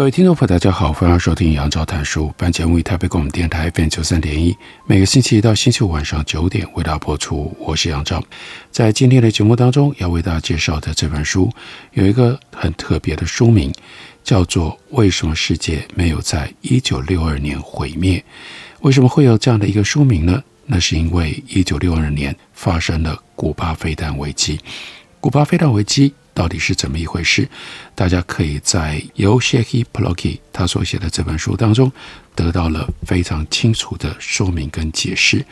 各位聽眾朋友，大家好，歡迎收聽《楊照談書》。本節目以臺北廣播電臺 FM 九三點一，每個星期一到星期五晚上九點為大家播出。我是楊照，在今天的節目當中要為大家介紹的這本書，有一個很特別的書名，叫做《為什麼世界沒有在一九六二年毀滅》？為什麼會有這樣的一個書名呢？那是因為一九六二年發生了古巴飛彈危機。古巴飛彈危機。到底是怎麼一回事？大家可以在謝爾希•浦洛基他所寫的這本書當中得到了非常清楚的說明跟解釋。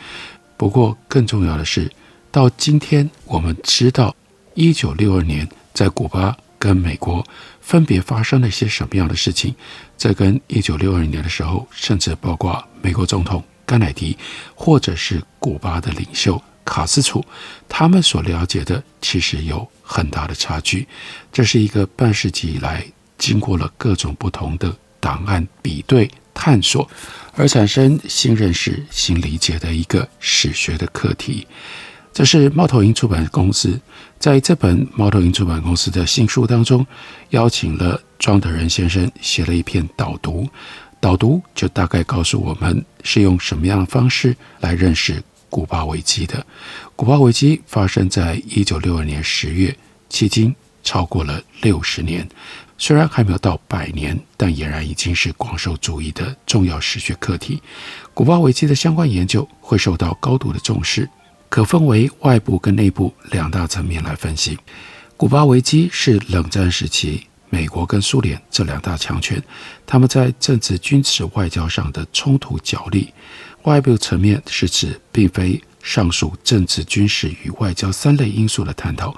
不過，更重要的是，到今天我們知道，一九六二年在古巴跟美國分別發生了一些什麼樣的事情。在跟一九六二年的時候，甚至包括美國總統甘乃迪或者是古巴的領袖。卡斯楚，他們所了解的其實有很大的差距。這是一個半世紀以來，經過了各種不同的檔案比對、探索，而產生新認識、新理解的一個史學的課題。這是貓頭鷹出版公司在這本貓頭鷹出版公司的新書當中，邀請了莊德仁先生寫了一篇導讀。導讀就大概告訴我們是用什麼樣的方式來認識。古巴危機的古巴危機發生在一九六二年十月，迄今超過了六十年。雖然還沒有到百年，但儼然已經是廣受注意的重要史學課題。古巴危機的相關研究會受到高度的重視，可分為外部跟內部兩大層面來分析。古巴危機是冷戰時期美國跟蘇聯這兩大強權他們在政治、軍事、外交上的衝突角力。外部層面是指並非上述政治、軍事與外交三類因素的探討。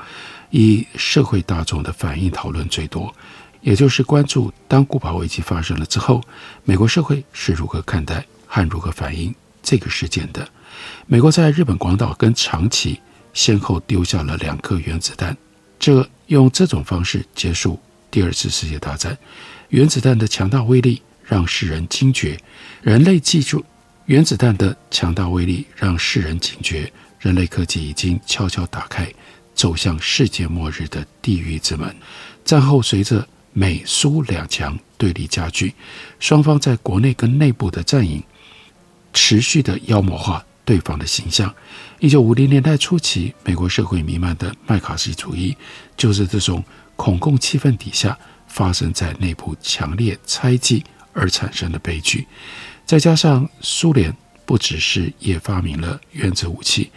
以社會大眾的反應討論最多，也就是關注當古巴危機發生了之後，美國社會是如何看待和如何反應這個事件的。美國在日本廣島跟長崎先後丟下了兩顆原子彈，這用這種方式結束第二次世界大戰。原子彈的強大威力讓世人驚覺，人類記住。原子彈的強大威力讓世人警覺，人類科技已經悄悄打開走向世界末日的地獄之門。戰後，隨着美蘇兩強對立加劇，雙方在國內跟內部的陣營持續的妖魔化對方的形象。一九五零年代初期，美國社會彌漫的麥卡錫主義，就是這種恐共氣氛底下發生在內部強烈猜忌而產生的悲劇。再加上蘇聯不只是也發明了原子武器，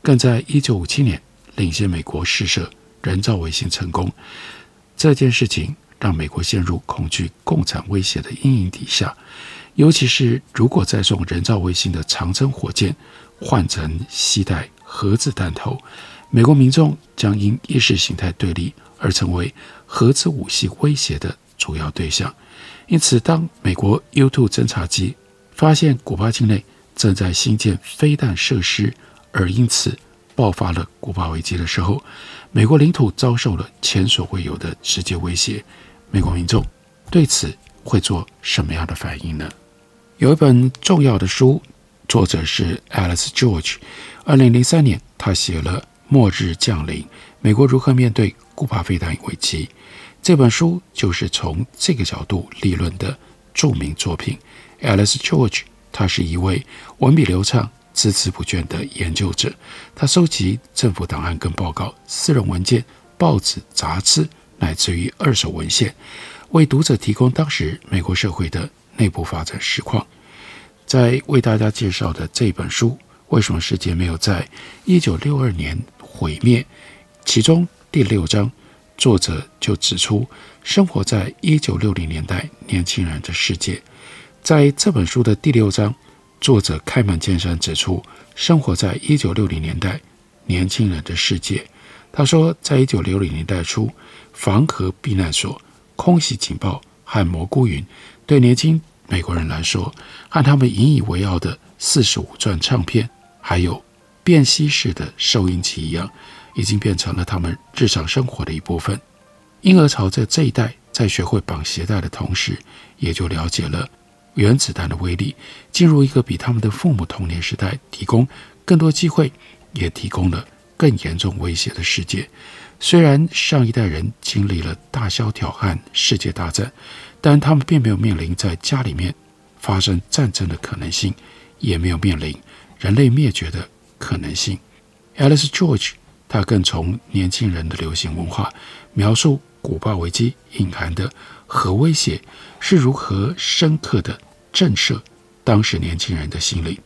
更在1957年領先美國試射人造衛星成功。這件事情讓美國陷入恐懼共產威脅的陰影底下。尤其是如果再送人造衛星的長征火箭換成攜帶核子彈頭，美國民眾將因意識形態對立而成為核子武器威脅的主要對象。因此，當美國 U-2 偵察機發現古巴境內正在興建飛彈設施，而因此爆發了古巴危機的時候，美國領土遭受了前所未有的直接威脅。美國民眾對此會做什麼樣的反應呢？有一本重要的書，作者是 Alice George。二零零三年，他寫了《末日降臨：美國如何面對古巴飛彈危機》，這本書就是從這個角度立論的著名作品。Alice George，他是一位文筆流暢、孜孜不倦的研究者。他收集政府檔案跟報告、私人文件、報紙、雜誌，乃至於二手文獻，為讀者提供當時美國社會的內部發展實況。在為大家介紹的這本書《為什麼世界沒有在1962年毀滅》，其中第六章，作者就指出，生活在1960年代年輕人的世界。在這本書的第六章，作者開門見山指出，生活在一九六零年代年輕人的世界。他說，在一九六零年代初，防核避難所、空襲警報和蘑菇雲，對年輕美國人來說，和他們引以為傲的四十五轉唱片，還有便攜式的收音機一樣，已經變成了他們日常生活的一部分。嬰兒潮在這一代在學會綁鞋帶的同時，也就了解了。原子彈的威力進入一個比他們的父母童年時代提供更多機會，也提供了更嚴重威脅的世界。雖然上一代人經歷了大蕭條和世界大戰，但他們並沒有面臨在家裡面發生戰爭的可能性，也沒有面臨人類滅絕的可能性。Alice George，她更從年輕人的流行文化描述。古巴危機隱含的核威脅是如何深刻的震懾當時年輕人的心靈？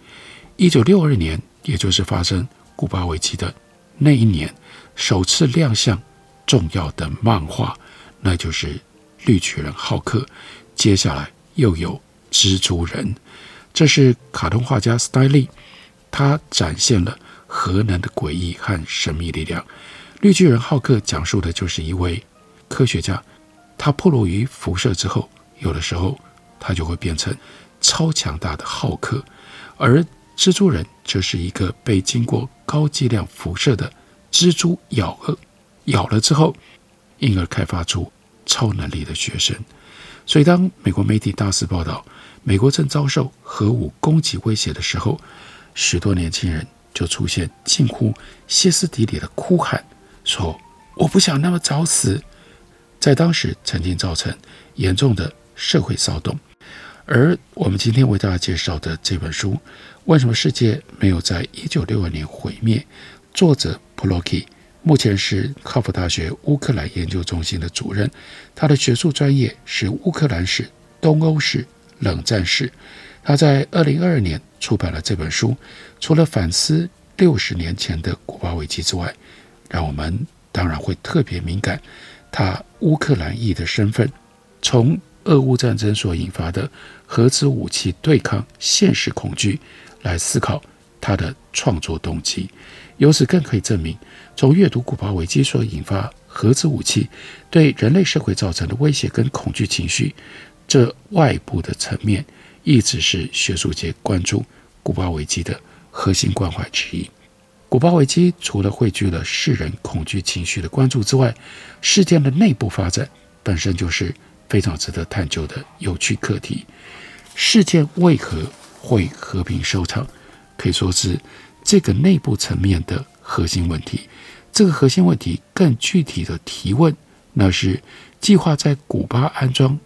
一九六二年，也就是發生古巴危機的那一年，首次亮相重要的漫畫，那就是綠巨人浩克。接下來又有蜘蛛人，這是卡通畫家斯泰利，他展現了核能的詭異和神秘力量。綠巨人浩克講述的就是一位。科學家，他暴露於輻射之後，有的時候他就會變成超強大的浩克，而蜘蛛人就是一個被經過高劑量輻射的蜘蛛咬了，咬了之後，因而開發出超能力的學生。所以，當美國媒體大肆報道美國正遭受核武攻擊威脅的時候，許多年輕人就出現近乎歇斯底里的哭喊，說：“我不想那麼早死。”在當時曾經造成嚴重的社會騷動，而我們今天為大家介紹的這本書《為什麼世界沒有在一九六二年毀滅》，作者浦洛基目前是哈佛大學烏克蘭研究中心的主任，他的學術專業是烏克蘭史、東歐史、冷戰史。他在二零二二年出版了這本書，除了反思六十年前的古巴危機之外，讓我們當然會特別敏感。他烏克蘭裔的身份，從俄烏戰爭所引發的核子武器對抗現實恐懼來思考他的創作動機，由此更可以證明，從閱讀古巴危機所引發核子武器對人類社會造成的威脅跟恐懼情緒，這外部的層面一直是學術界關注古巴危機的核心關懷之一。古巴危機除了匯聚了世人恐懼情緒的關注之外，事件的內部發展本身就是非常值得探究的有趣課題。事件為何會和平收場？可以說是這個內部層面的核心問題。這個核心問題更具體的提問，那是計劃在古巴安裝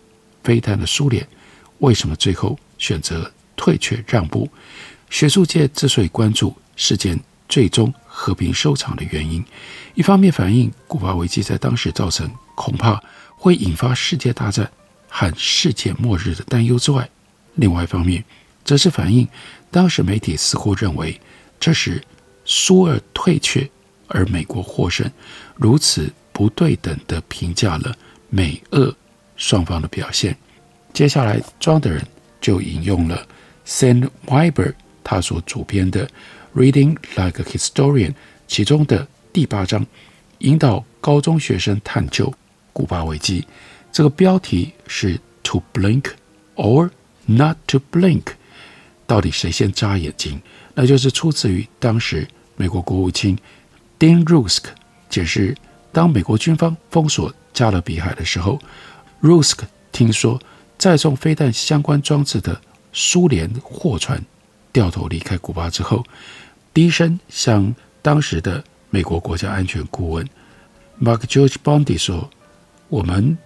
飛彈的蘇聯，為什麼最後選擇退卻讓步？學術界之所以關注事件。最終和平收場的原因，一方面反映古巴危機在當時造成恐怕會引發世界大戰和世界末日的擔憂之外，另外一方面則是反映當時媒體似乎認為這是蘇俄退卻而美國获勝，如此不對等的評價了美俄雙方的表現。接下來，莊德仁就引用了 Sen Weber 他所主編的。Reading Like a Historian，其中的第八章，引導高中學生，探究古巴危機。這個標題是 “To Blink or Not to Blink”，到底誰先眨眼睛？那就是出自於當時美國國務卿 Dean Rusk 解釋，當美國軍方封鎖加勒比海的時候，Rusk 聽說載送飛彈相關裝置的蘇聯貨船。掉頭離開古巴之後，低聲向當時的美國國家安全顧問 Mark George Bondy 說：“我們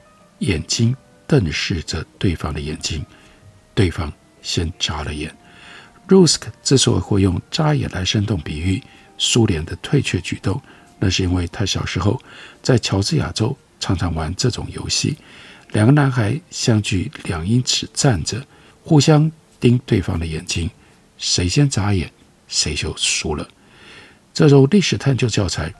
眼睛瞪視着對方的眼睛，對方先眨了眼。”Rusk 之所以會用眨眼來生動比喻蘇聯的退卻舉動，那是因為他小時候在喬治亞州常常玩這種遊戲：兩個男孩相距兩英尺站着，互相盯對方的眼睛。誰先眨眼，誰就輸了。這種歷史探究教材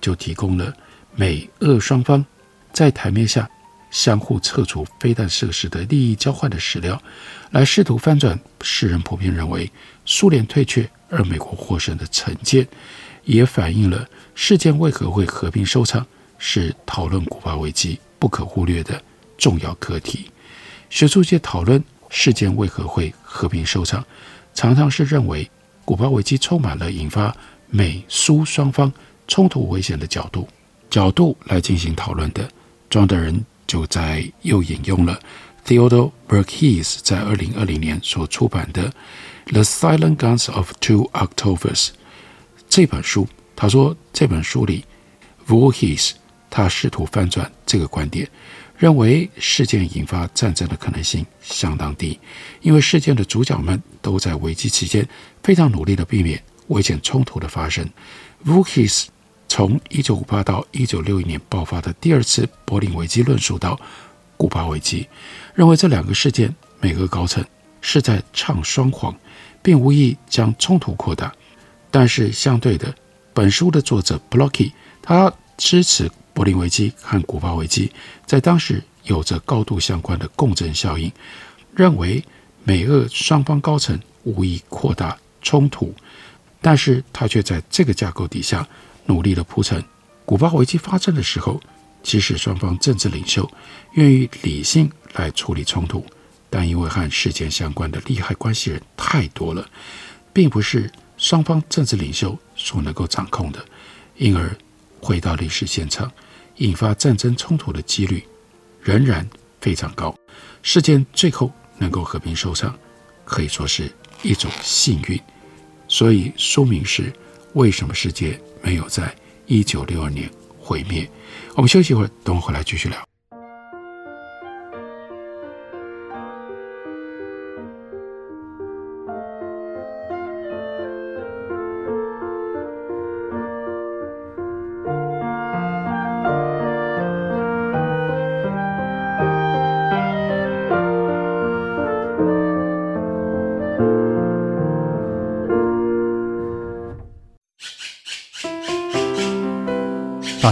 就提供了美俄雙方在台面下相互撤除飛彈設施的利益交換的史料，來試圖翻轉世人普遍認為蘇聯退卻而美國獲勝的成見，也反映了事件為何會和平收場，是討論古巴危機不可忽略的重要課題。學術界討論事件為何會和平收場，常常是認為古巴危機充滿了引發美蘇雙方衝突危險的角度角度，來進行討論的。莊德人就在，又引用了 Theodore Voorhees 在二零二零年所出版的《The Silent Guns of Two Octobers》這本書。他說這本書裡 Voorhees 他試圖翻轉這個觀點。認為事件引發戰爭的可能性相當低，因為事件的主角們都在危機期間非常努力地避免危險衝突的發生。Vukis 從1958到1961年爆發的第二次柏林危機論述到古巴危機，認為這兩個事件每個高層是在唱雙簧，並無意將衝突擴大。但是相對的，本書的作者 Plokhy 他支持。柏林危機和古巴危機在當時有着高度相關的共振效應，認為美俄雙方高層無意擴大衝突，但是他卻在這個架構底下努力地鋪陳。古巴危機發生的時候，即使雙方政治領袖願意理性來處理衝突，但因為和事件相關的利害關係人太多了，並不是雙方政治領袖所能夠掌控的，因而回到歷史現場。引發戰爭衝突的幾率仍然非常高。事件最後能夠和平收場，可以說是一種幸運。所以書名是為什麼世界沒有在一九六二年毀滅。我們休息一會兒，等我回來繼續聊。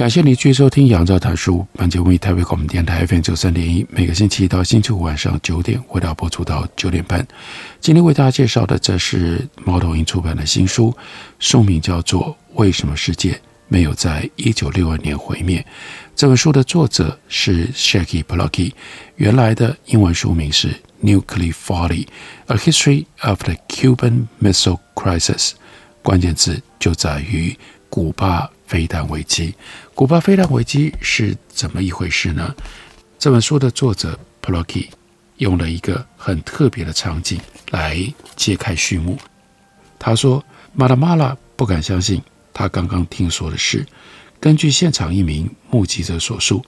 感謝你繼續收聽《楊照談書》，本節目為台北廣播電台 FM 九三點一，每個星期一到星期五晚上九點，為大家播出到九點半。今天為大家介紹的，這是貓頭鷹出版的新書，書名叫做《為什麼世界沒有在一九六二年毀滅》。這本書的作者是謝爾希•浦洛基，原來的英文書名是《Nuclear Folly: A History of the Cuban Missile Crisis》，關鍵字就在於古巴。飛彈危機，古巴飛彈危機是怎麼一回事呢？這本書的作者浦洛基用了一個很特別的場景來揭開序幕。他說麥納馬拉不敢相信他剛剛聽說的事。根據現場一名目擊者所述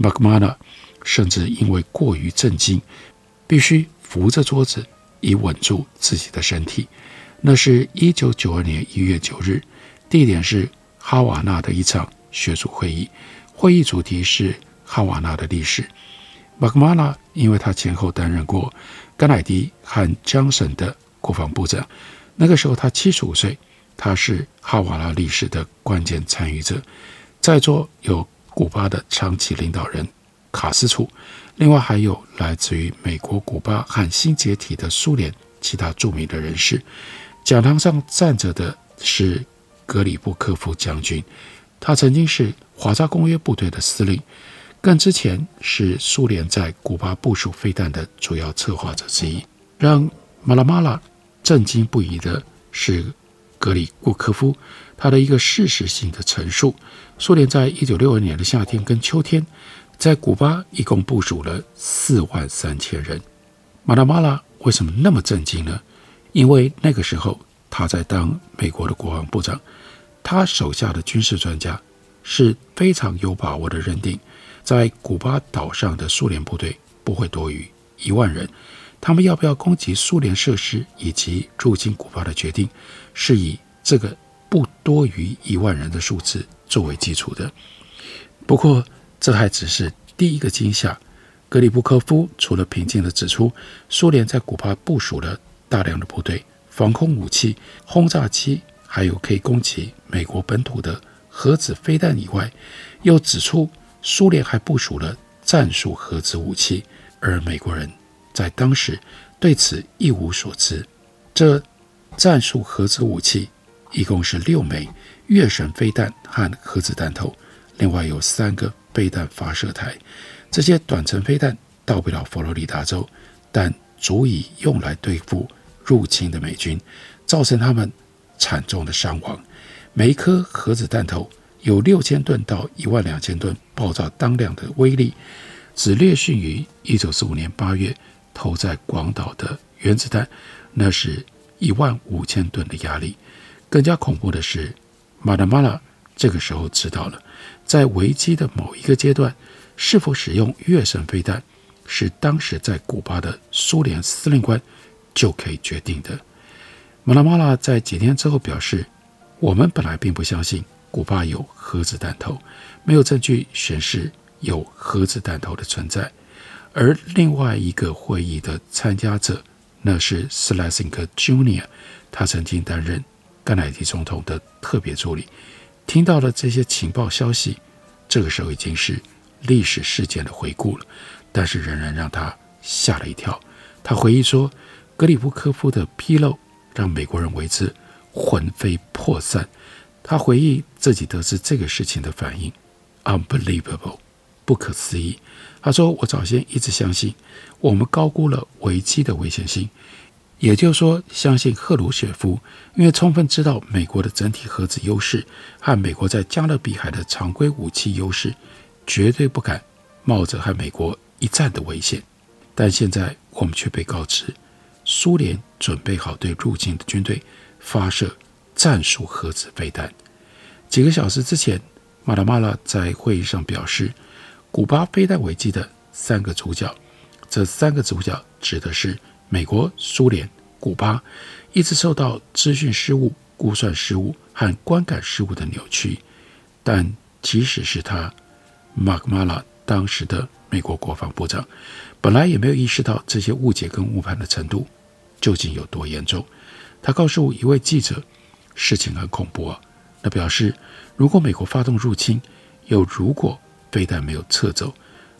麥納馬拉甚至因為過於震驚，必須扶着桌子以穩住自己的身體。那是一九九二年一月九日，地點是，哈瓦那的一場學術會議，會議主題是哈瓦那的歷史。麥納瑪拉因為他前後擔任過甘迺迪和詹森的國防部長，那個時候他七十五歲，他是哈瓦那歷史的關鍵參與者。在座有古巴的長期領導人卡斯楚，另外還有來自於美國、古巴和新解體的蘇聯其他著名的人士。講堂上站着的是，格里布科夫將軍，他曾經是華沙公約部隊的司令，更之前是蘇聯在古巴部署飛彈的主要策劃者之一。讓馬拉馬拉震驚不已的是，格里布科夫他的一個事實性的陳述：蘇聯在一九六二年的夏天跟秋天，在古巴一共部署了四萬三千人。馬拉馬拉為什麼那麼震驚呢？因為那個時候。他在當美國的國防部長，他手下的軍事專家是非常有把握的認定，在古巴島上的蘇聯部隊不會多於一萬人。他們要不要攻擊蘇聯設施以及入侵古巴的決定，是以這個不多於一萬人的數字作為基礎的。不過，這還只是第一個驚嚇。格里布科夫除了平靜地指出，蘇聯在古巴部署了大量的部隊。防空武器、轟炸機，還有可以攻擊美國本土的核子飛彈以外，又指出蘇聯還部署了戰術核子武器，而美國人在當時對此一無所知。這戰術核子武器一共是六枚月神飛彈和核子彈頭，另外有三個備彈發射台。這些短程飛彈到不了佛羅里達州，但足以用來對付。入侵的美軍，造成他們慘重的傷亡。每一顆核子彈頭有六千噸到一萬兩千噸爆炸當量的威力，只略遜於一九四五年八月投在廣島的原子彈，那是一萬五千噸的壓力。更加恐怖的是，馬達馬拉這個時候知道了，在危機的某一個階段，是否使用月神飛彈，是當時在古巴的蘇聯司令官，就可以決定的。馬拉馬拉在幾天之後表示：“我們本來並不相信古巴有核子彈頭，沒有證據顯示有核子彈頭的存在。”而另外一個會議的參加者，那是斯萊辛格· Junior，他曾經擔任甘乃迪總統的特別助理。聽到了這些情報消息，這個時候已經是歷史事件的回顧了，但是仍然讓他嚇了一跳。他回憶說。格里夫科夫的披露讓美國人為之魂飛魄散。他回憶自己得知這個事情的反應：“Unbelievable，不可思議。”他說：“我早先一直相信，我們高估了危機的危險性，也就是說，相信赫魯雪夫因為充分知道美國的整體核子優勢和美國在加勒比海的常規武器優勢，絕對不敢冒着和美國一戰的危險。但現在我們卻被告知。”蘇聯準備好對入侵的軍隊發射戰術核子飛彈。幾個小時之前，麥納瑪拉在會議上表示，古巴飛彈危機的三個主角，這三個主角指的是美國、蘇聯、古巴，一直受到資訊失誤、估算失誤和觀感失誤的扭曲。但即使是他，麥納瑪拉當時的美國國防部長。本來也沒有意識到這些誤解跟誤判的程度究竟有多嚴重。他告訴一位記者，事情很恐怖啊，他表示，如果美國發動入侵，又如果飛彈沒有撤走，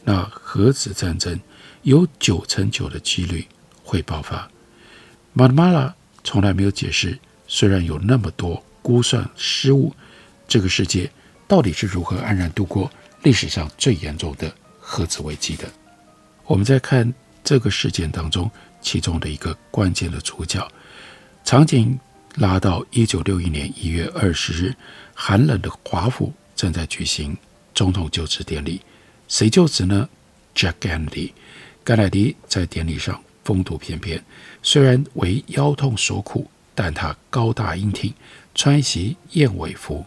那核子戰爭有九成九的幾率會爆發。麥納馬拉從來沒有解釋，雖然有那麼多估算失誤，這個世界到底是如何安然度過歷史上最嚴重的核子危機的。我們再看這個事件當中其中的一個關鍵的主角，場景拉到一九六一年一月二十日，寒冷的華府正在舉行總統就職典禮。誰就職呢？Jack Kennedy。甘乃迪在典禮上風度翩翩，雖然為腰痛所苦，但他高大英挺，穿一襲燕尾服。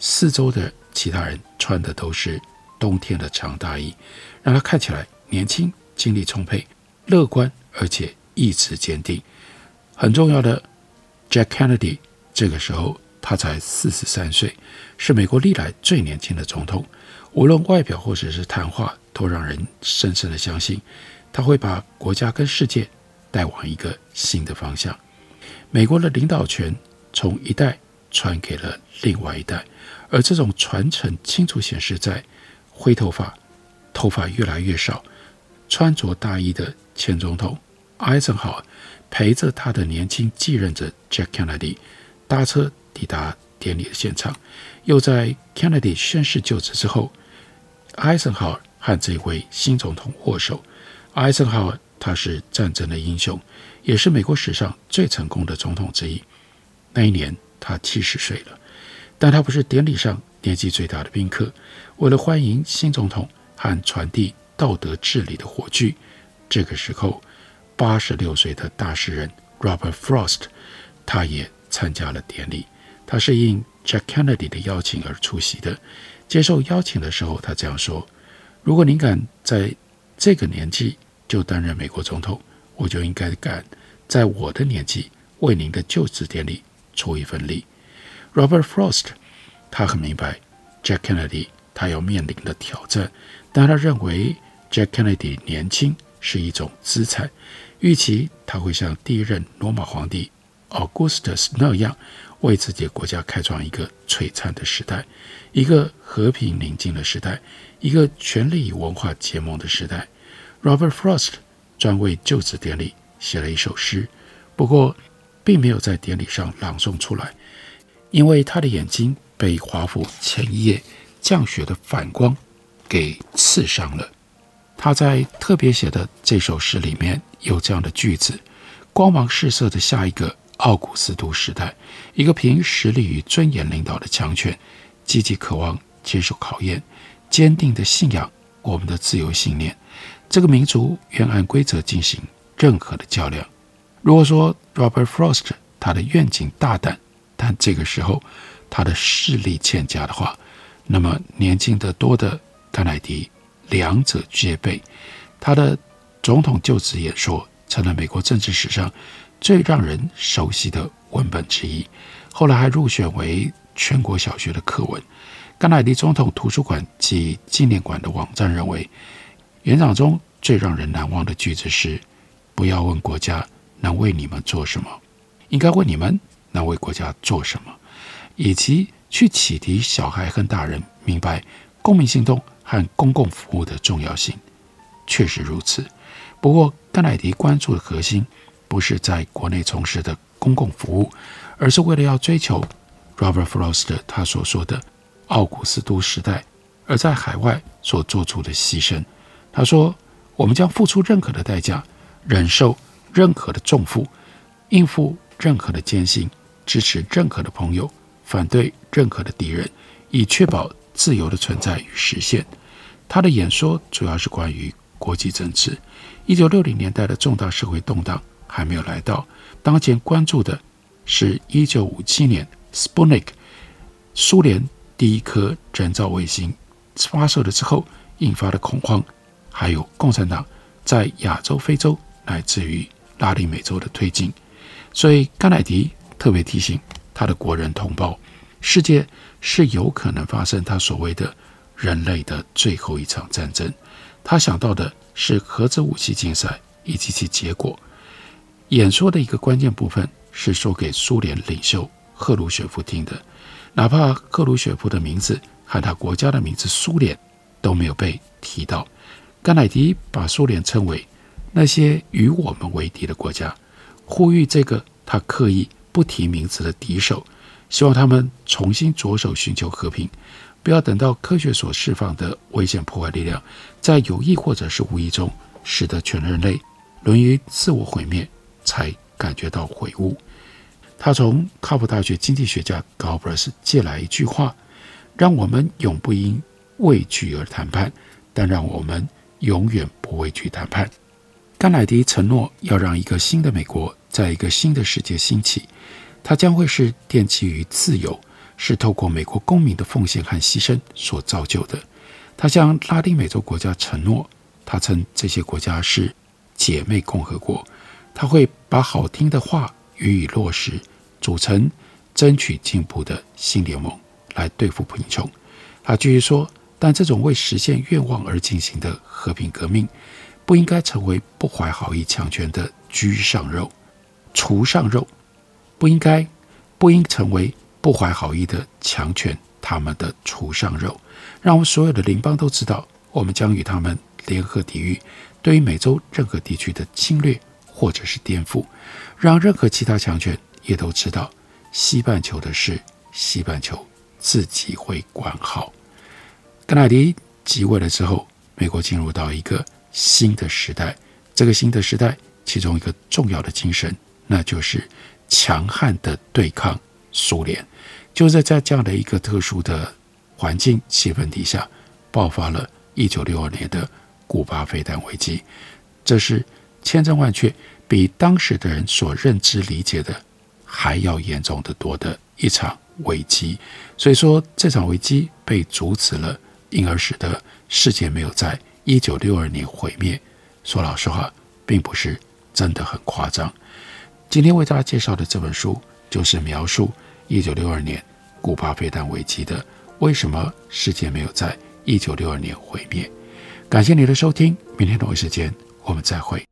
四周的其他人穿的都是冬天的長大衣，讓他看起來年輕。精力充沛、樂觀，而且意志堅定。很重要的，Jack Kennedy 這個時候，他才四十三歲，是美國歷來最年輕的總統。無論外表或者是談話，都讓人深深的相信，他會把國家跟世界帶往一個新的方向。美國的領導權從一代傳給了另外一代，而這種傳承清楚顯示在灰頭髮，頭髮越來越少，穿着大衣的前總統艾森豪陪着他的年輕繼任者 Jack Kennedy 搭車抵達典禮的現場，又在 Kennedy 宣誓就職之後，艾森豪和這位新總統握手。艾森豪他是戰爭的英雄，也是美國史上最成功的總統之一。那一年他七十歲了，但他不是典禮上年紀最大的賓客。為了歡迎新總統和傳遞。道德治理的火炬。這個時候，八十六歲的大詩人 Robert Frost，他也參加了典禮。他是應 Jack Kennedy 的邀請而出席的。接受邀請的時候，他這樣說：“如果您敢在這個年紀就擔任美國總統，我就應該敢在我的年紀為您的就職典禮出一份力。”Robert Frost，他很明白 Jack Kennedy 他要面臨的挑戰，但他認為。Jack Kennedy 年輕是一種資產，預期他會像第一任羅馬皇帝 Augustus 那樣，為自己國家開創一個璀璨的時代，一個和平寧靜的時代，一個權力與文化結盟的時代。Robert Frost 專為就職典禮寫了一首詩，不過並沒有在典禮上朗誦出來，因為他的眼睛被華府前一夜降雪的反光給刺傷了。他在特別寫的這首詩裡面有這樣的句子：“光芒四射的下一個奧古斯都時代，一個憑實力與尊嚴領導的強權，積極渴望接受考驗，堅定的信仰我們的自由信念，這個民族願按規則進行任何的較量。”如果說 Robert Frost 他的願景大膽，但這個時候他的視力欠佳的話，那麼年輕得多的甘迺迪。兩者皆備，他的總統就職演說成了美國政治史上最讓人熟悉的文本之一，後來還入選為全國小學的課文。甘乃迪總統圖書館及紀念館的網站認為，演講中最讓人難忘的句子是：“不要問國家能為你們做什麼，應該問你們能為國家做什麼。”以及去啟迪小孩和大人明白公民行動，和公共服務的重要性，確實如此。不過，甘乃迪關注的核心不是在國內從事的公共服務，而是為了要追求 Robert Frost 的他所說的“奧古斯都時代”，而在海外所做出的犧牲。他說：“我們將付出任何的代價，忍受任何的重負，應付任何的艱辛，支持任何的朋友，反對任何的敵人，以確保自由的存在與實現。”他的演說主要是關於國際政治。一九六零年代的重大社會動盪還沒有來到，當前關注的是一九五七年 Sputnik 蘇聯第一顆人造衛星發射了之後引發的恐慌，還有共產黨在亞洲、非洲乃至於拉丁美洲的推進。所以，甘乃迪特別提醒他的國人同胞：世界是有可能發生他所謂的。人類的最後一場戰爭，他想到的是核子武器競賽以及其結果。演說的一個關鍵部分是說給蘇聯領袖赫魯雪夫聽的，哪怕赫魯雪夫的名字和他國家的名字蘇聯都沒有被提到。甘乃迪把蘇聯稱為那些與我們為敵的國家，呼籲這個他刻意不提名字的敵手，希望他們重新着手尋求和平。不要等到科學所釋放的危險破壞力量，在有意或者是無意中，使得全人類淪於自我毀滅，才感覺到悔悟。他從哈佛大學經濟學家高布爾斯借來一句話：“讓我們永不因畏懼而談判，但讓我們永遠不畏懼談判。”甘乃迪承諾要讓一個新的美國，在一個新的世界興起，它將會是奠基於自由。是透過美國公民的奉獻和犧牲所造就的。他向拉丁美洲國家承諾，他稱這些國家是姐妹共和國，他會把好聽的話予以落實，組成爭取進步的新聯盟來對付貧窮。他繼續說，但這種為實現願望而進行的和平革命，不應該成為不懷好意強權的俎上肉、俎上肉，不應該，不應成為。不懷好意的強權，他們的廚上肉，讓我們所有的鄰邦都知道，我們將與他們聯合抵禦對於美洲任何地區的侵略或者是顛覆，讓任何其他強權也都知道，西半球的事西半球自己會管好。甘迺迪即位了之後，美國進入到一個新的時代，這個新的時代其中一個重要的精神，那就是強悍的對抗。蘇聯就是在這樣的一個特殊的環境氣氛底下，爆發了一九六二年的古巴飛彈危機。這是千真萬確，比當時的人所認知理解的還要嚴重得多的一場危機。所以說，這場危機被阻止了，因而使得世界沒有在一九六二年毀滅。說老實話，並不是真的很誇張。今天為大家介紹的這本書。就是描述一九六二年古巴飛彈危機的，為什麼世界沒有在一九六二年毀滅？感謝你的收聽，明天同一時間我們再會。